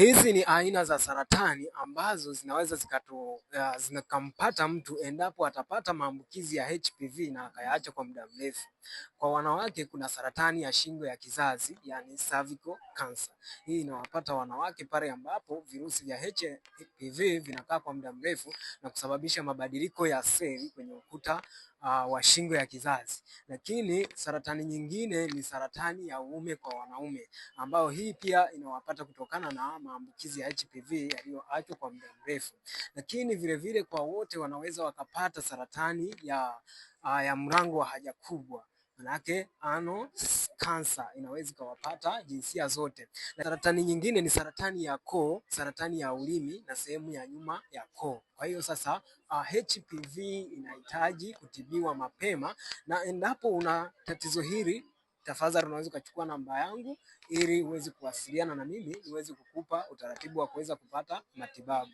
Hizi ni aina za saratani ambazo zinaweza zikatu, uh, zikampata mtu endapo atapata maambukizi ya HPV na akayaacha kwa muda mrefu. Kwa wanawake kuna saratani ya shingo ya kizazi, yani cervical cancer. Hii inawapata wanawake pale ambapo virusi vya HPV vinakaa kwa muda mrefu na kusababisha mabadiliko ya seli kwenye ukuta uh, wa shingo ya kizazi. Lakini saratani nyingine ni saratani ya uume kwa wanaume, ambayo hii pia inawapata kutokana na maambukizi ya HPV yaliyoachwa kwa muda mrefu. Lakini vilevile kwa wote wanaweza wakapata saratani ya, uh, ya mlango wa haja kubwa manake ano kansa inaweza ikawapata jinsia zote, na saratani nyingine ni saratani ya koo, saratani ya ulimi na sehemu ya nyuma ya koo. Kwa hiyo sasa, uh, HPV inahitaji kutibiwa mapema, na endapo una tatizo hili tafadhali unaweza ukachukua namba yangu ili uweze kuwasiliana na mimi niweze kukupa utaratibu wa kuweza kupata matibabu.